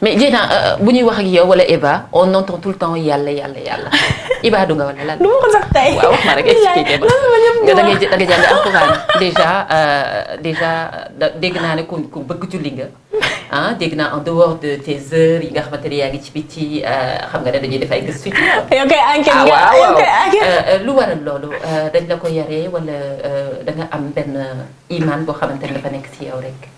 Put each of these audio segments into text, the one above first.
mais Dieyna euh, bu ñuy wax ak yow wala Eva on entend tout le temps yàlla yàlla yàlla Iba du nga wala lan. du ma ko sax tey waaw wax ma rek expliqué ma nga da ngay da ngay jàng alxuraan déjà euh, déjà dégg naa ne ku ku bëgg julli nga ah dégg naa en dehors de tes heures yi nga xamante ne yaa ngi ci biti euh, xam nga ne dañuy def ay gëstu. yow kay enquête ah, nga yow kay enquête lu waral loolu dañ la ko yaree wala da nga am benn iman boo xamante ne dafa nekk ci yow rek.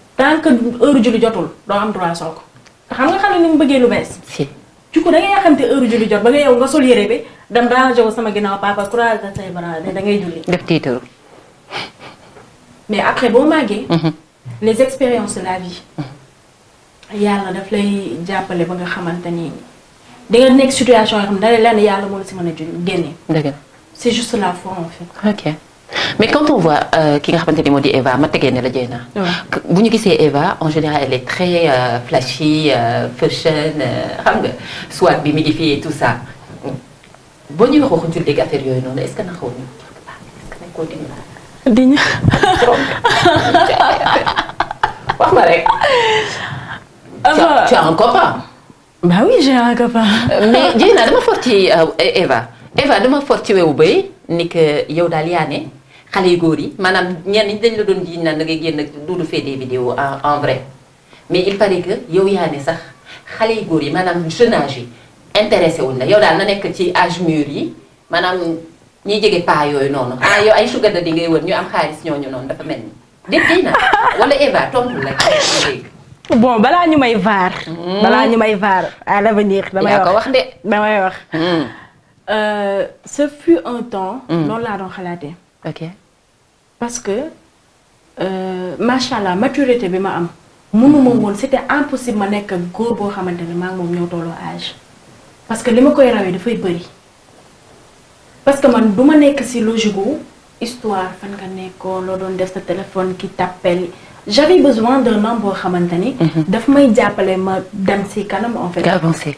tant que heure julli jotul do am droit sol xam nga xam ni mu bëggee lu bees. ci ko da ngay xam heure julli jot ba nga yow nga sol yére bi dem rangé sama ginnaaw papa courage da say bras ne da ngay julli. def tiitaru. mais après boo magué mhm. les expériences de la vie. yalla daf lay jàppale ba nga xamante ni da nga nekk situation yoo xam ne da lay lenn yàlla moo la si mën a génne. c'est juste la foi en fait. ok mais quand on voit qui euh, nga xamante les mots di Eva ma tegee ne la jëy naa bu Eva en général elle est très euh, flashy euh, fashion xam nga soit bi et tout ça boo ñuy wax waxu jullit affaire est-ce que na xaw est-ce qu'elle nañ koo wax ma rek. tu as un copain. bah oui j'ai un copain. mais Dieyna dama fort ci Eva Eva dama fort ci wewu bëy ni que yow xale yu góor yi maanaam ñenn ñi dañ la doon jiiñ naan da ngay génn duudu fait des vidéos en en vrai mais il paraît que yow yaa ne sax xale yu góor yi maanaam jeune âge yi intéressé wuñ la yow daal na nek ci âge mûr yi manam ñi jege paa yoy noonu ah yow ay sugar daddy ngay wër ñu am xaalis ñoñu non dafa mel ni dégg wala Eva tombe la dégg. bon bala ñu may vaar. Hmm. bala ñu may var à l'avenir. dama wax ko wax de damay wax. Hmm. Euh, ce fut un temps. Hmm. non la don xalaatee. ok parce que euh, macha maturité bi ma am. mënuma woon c'était impossible ma nek ak góor boo xamante ne maa ngi ñoo âge. parce que li ma koy rawee dafay bëri parce que man duma nek ci logique histoire fan nga nekkoon lo doon def sa téléphone ki t'appelle j'avais besoin d'un homme bo xamante ni. Mhm. daf may jappalé ma dem ci kanam en fait.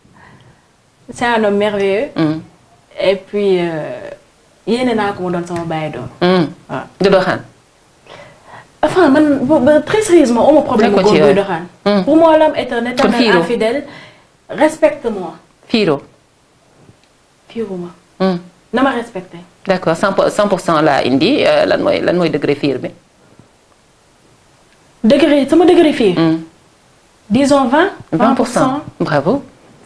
c'est un homme merveilleux. Mm. Et puis, il y a un homme qui donne son bail. De Dohan Enfin, très sérieusement, on a un problème mm. Pour moi, l'homme est un infidèle. Respecte-moi. Firo. Firo, moi. Mm. Je Ne me respecte. D'accord, 100%, là, il dit la noyée euh, degré firme. Degré, c'est mon degré Disons 20%. 20%. Bravo.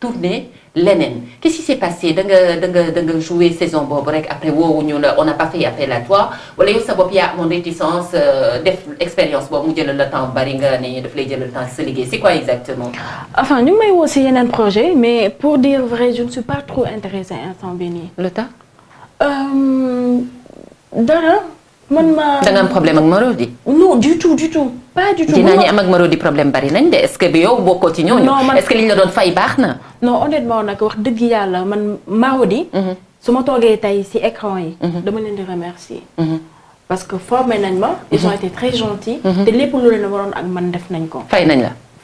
tourner l'ENEN. qu'est-ce qui s'est passé da nga da jouer saison boobu rek après on n'a pas fait appel à toi wala ça sa bopp mon réticence euh, def expérience boobu mu le temps bari nga ne daf lay jëlal le temps se liguer. c'est quoi exactement. enfin ñu ngi may woo si projet mais pour dire vrai je ne suis pas trop intéressée à bii nii. le temps. Euh, dara man ma da nga am problème ak Marodi. non du tout du tout. pas du tout dinaa ñi am ak Marodi problème bari nañ de est-ce que bi yow bokko ci ñooñu. est-ce que liñ la doon fay baax non honnêtement nak wax deug yalla man Marodi. Mhm. suma ma tay ci écran yi. Mhm. dama leen di remercier. Mhm. parce que formé ils ont été très gentils. te lépp lu leen waroon ak man def nañ ko. fay nañ la.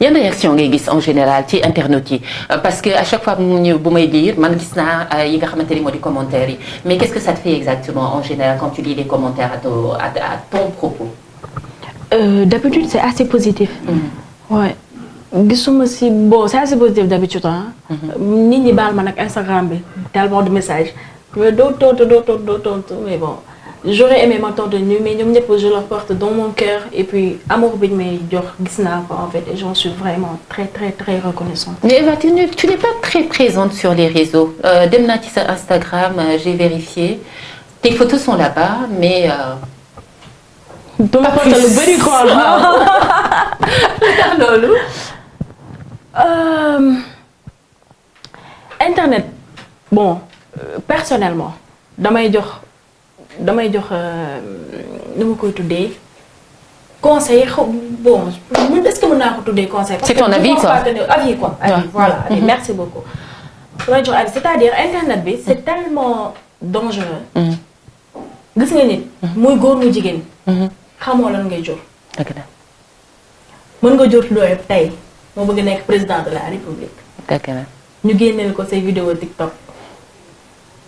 Il y a une réaction en général ci internautes euh, parce que à chaque fois bu may me man gis na euh, yi nga commentaires mais qu'est-ce que ça te fait exactement en général quand tu lis les commentaires à ton, à, ton propos euh, d'habitude c'est assez positif mm-hmm. ouais. bon c'est assez positif d'habitude hein. Mm-hmm. nit ñi pas ma Instagram tellement de messages mais doo tontu doo mais bon j'aurais aimé m'entendre mieux mais nous m'ont je leur porte dans mon cœur et puis amour bi mais en fait et j'en suis vraiment très très très reconnaissante. mais Eva tu n'es pas très présente sur les réseaux euh, Instagram euh, j'ai vérifié tes photos sont là-bas mais. Euh, donc le quoi euh, internet bon personnellement dans ma jox damay jox euh dama koy conseil bon c'est ton avis quoi merci beaucoup. c'est-à-dire internet c'est mm-hmm. tellement dangereux. Mm-hmm. gis nga nit. Mm-hmm. muy muy xamoo lan ngay dëgg président de la république. dëgg ñu génneel ko TikTok.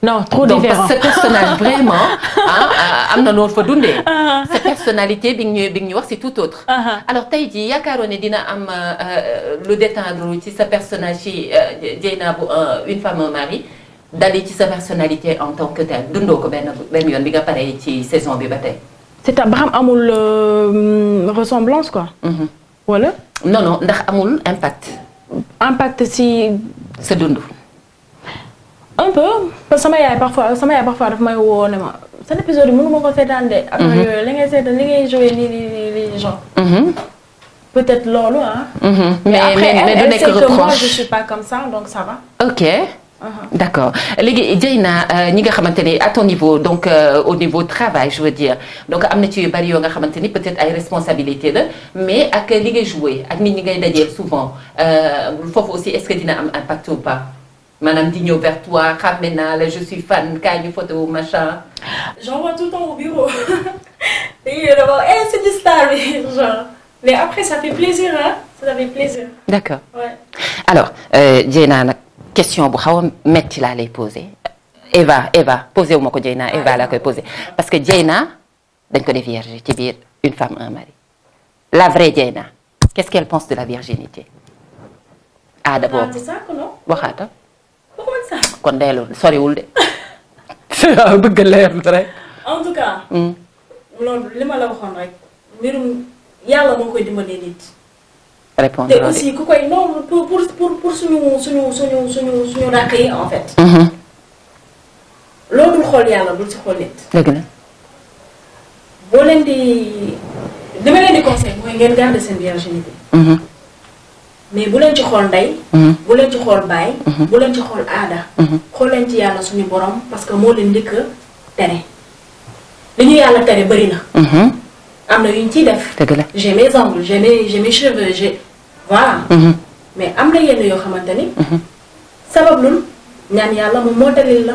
non trop donc différent. ce personnage vraiment hein, ah euh, am na fa ah. personnalité c'est tout autre. Ah. alors il y a dina am euh, euh, détendre ci sa personnage une femme un mari d'aller ci sa personnalité en tant que telle a ko ben a bi saison c'est un amul ressemblance quoi. Mhm. non non impact. impact si. c'est un peu parce que sama yaay parfois sama yaay parfois daf m'a woo ne ma seen épisode yi mënu ma ko seetaan de. ak mhm. yooyu les ngay seetaan li les les les nii nii genre. Mhm. peut-être loolu hein mais après mais ne que, reproche moi je suis pas comme ça donc ça va. ok. Uh-huh. d' accord léegi Dieyna euh, ñi nga xamanteni à ton niveau donc euh, au niveau travail je veux dire donc amna ci yu bari yo nga xamanteni peut-être ay responsabilité la mais ak li ngay jouer ak nit ñi ngay dajee souvent euh, fofu aussi est-ce que dina am impact ou pas. Madame Digno Pertois, je suis fan, Kanye photo, machin. J'envoie tout le temps au bureau. Et euh, d'abord, eh, c'est du star, genre. Mais après, ça fait plaisir, hein Ça fait plaisir. D'accord. Alors, euh, Diana, une question pour mettre la les poser. Eva, Eva, posez-moi que Diana, ah, Eva la que poser. Parce que Diana, d'un côté vierge, tu une femme, un mari. La vraie Diana, qu'est-ce qu'elle pense de la virginité Ah, d'abord. Ah, c'est ça, non hein. kon delloo soriwul de. bëgg leerlu rek. en tout cas. Mm. loolu li ma la waxoon rek mbirum yàlla moo koy eu nit. répondre te aussi ku koy noonu pour pour pour suñu suñu suñu suñu suñu rakk yi en fait. Mm-hmm. loolu dul xool yàlla dul si xool nit. dëgg la. boo leen di li ma di conseil mooy ngeen garder seen virginité. Mm-hmm. mais bu leen ci xool ndey. Mhm. bu leen ci xool baay. Mhm. bu leen ci xool aada. Mhm. xool leen ci yàlla suñu borom parce que moo leen njëkk a tere li ñu yàlla tere bëri na. am na yu ñu ciy def. dëgg la j'ai mes ongles j'ai mes j'ai mes cheveux j'ai voilà. mais am na yenn yoo xamante ni. sabab lu ñaan yàlla moom moo dalil la.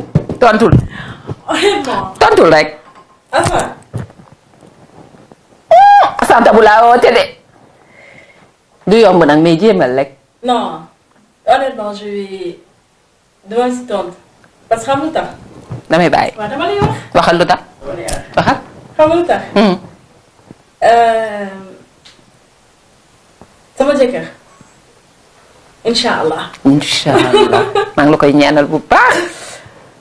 tontul. honnêtement tontul rek. Assane. Hmm, Assane Tabou laa oh, woote de. du yomb nag mais jéemal rek. non je vais dama si lu tax. wax. waxal lu tax. waxal. xam lu tax. sama jëkkër. incha allah. incha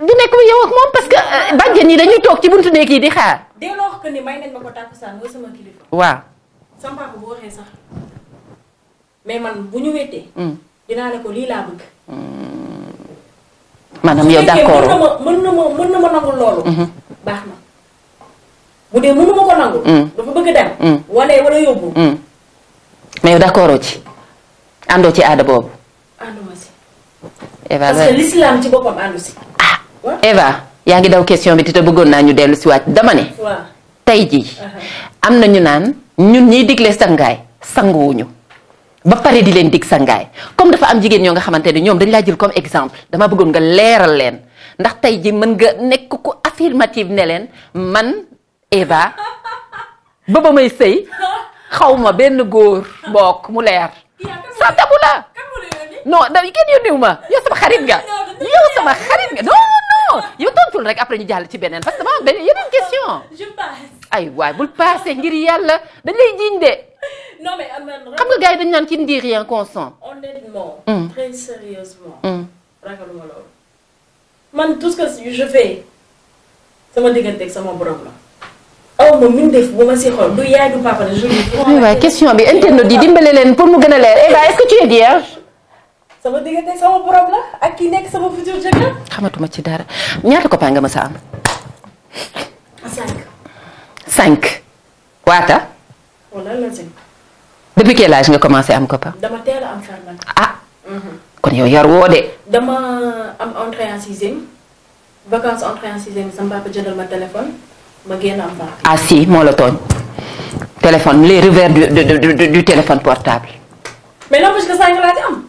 di nekk yow moom parce que euh, bàjjen yi dañuy toog ci buntu néeg yi di xaar. dès lors que ni may nañ ma ko tàkkusaan mooy sama kilifa. waaw. sama papa bu waxee sax mais man bu ñu wettee. Mm. dinaa ne ko lii laa bëgg. Mm. maanaam yow d'accord mën na ma nangul loolu. Mm-hmm. baax na bu dee mënu ko nangul. Mm. dafa bëgg dem. wala wala mais yow d'accord ci àndoo ci aada boobu. parce que l'islam ci boppam àndu si. Eva yang kita daw question bi te bëggoon naa ñu dellu si waat dama ne. tey jii am na ñu naan ñun ñiy digle sangaay sanguwuñu ba pare di leen dig sangaay comme dafa am jigen ñoo nga xamante ne dañ laa jël comme exemple dama bëggoon nga leeral leen ndax tey ji mën nga nekk ku affirmative leen man Eva ba ba may sëy xaw ma benn bok bokk mu leer santa bu la non da kenn yónniwu sama xarit nga yow sama xarit nga non non yow tontul rek après ñu jàll ci beneen parce que dama am beneen yeneen question. je passe. ay waay bul paase ngir yàlla dañ lay jiñ de. non mais xam nga gars yi dañ naan ci ndi rien consent. honnêtement. Hmm. très sérieusement. Hmm. ragaluma loolu. man tout ce que je fais sama diggante ak sama borom la. aw ma mbindeef bu ma si xool du yaay du papa la je. waaw question bi interne yi dimbale leen pour mu gën a leer Eva eh est-ce que tu es vierge. sama diggante sama borom la ak ki nekk sama futur jëkkër xamatuma ci dara ñaata copain nga ma sa am 5 cinq waata wala la ci depuis quel âge nga commencé am copain dama teel am farman ah kon yow yar woo de dama am entrée en sixième vacances entrée en sixième sama papa jëndal ma téléphone ma génn am faa ah si moo la téléphone les revers du, du, du, du, téléphone portable mais non parce que ça nga am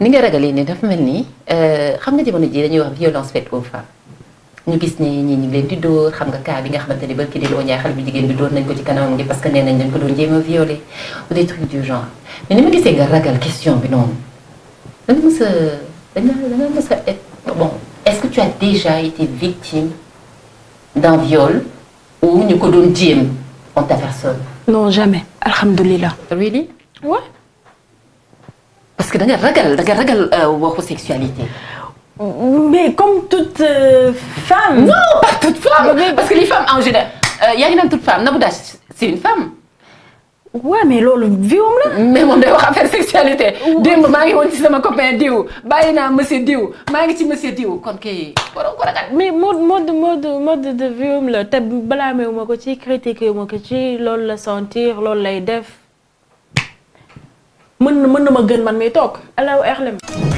ni nga ragalee ne dafa melni euh xam nga jamono ji dañuy wax violence faite aux femmes ñu gis ni ñi ñu ngi leen di dóor xam nga cas bi nga xamanteni ni ba kii di loo ñaay xale bu jigéen bi dóor nañ ko ci kanamam ngi parce que nee nañ dañ ko doon jéem a violé ou des trucs du genre mais ni ma gisee nga ragal question bi noonu da nga mës a da nga da nga mës a bon est-ce que tu as déjà été victime d'un viol ou ñu ko doon jéem en ta personne. non jamais alhamdulilah. really ouais parce que d'ailleurs, regarde, ragal da nga euh, sexualité. mais comme toute euh, femme. non pas toute femme. Ah, parce que les femmes en général euh, y a une toute femme Nabou c'est une femme. Ouais, mais loolu homme là. mais mon devoir à faire sexualité. démb maa ngi woon ci ma copine, diw bàyyi monsieur diw maa ngi monsieur Diou. kon kay waroo mais mode mode mode mode de viwam homme. te blâmer wu ma ko ci critiquer wu ma le ci sentir lolo, lay def. mën na mën na ma gën man mi toog allahu a'lam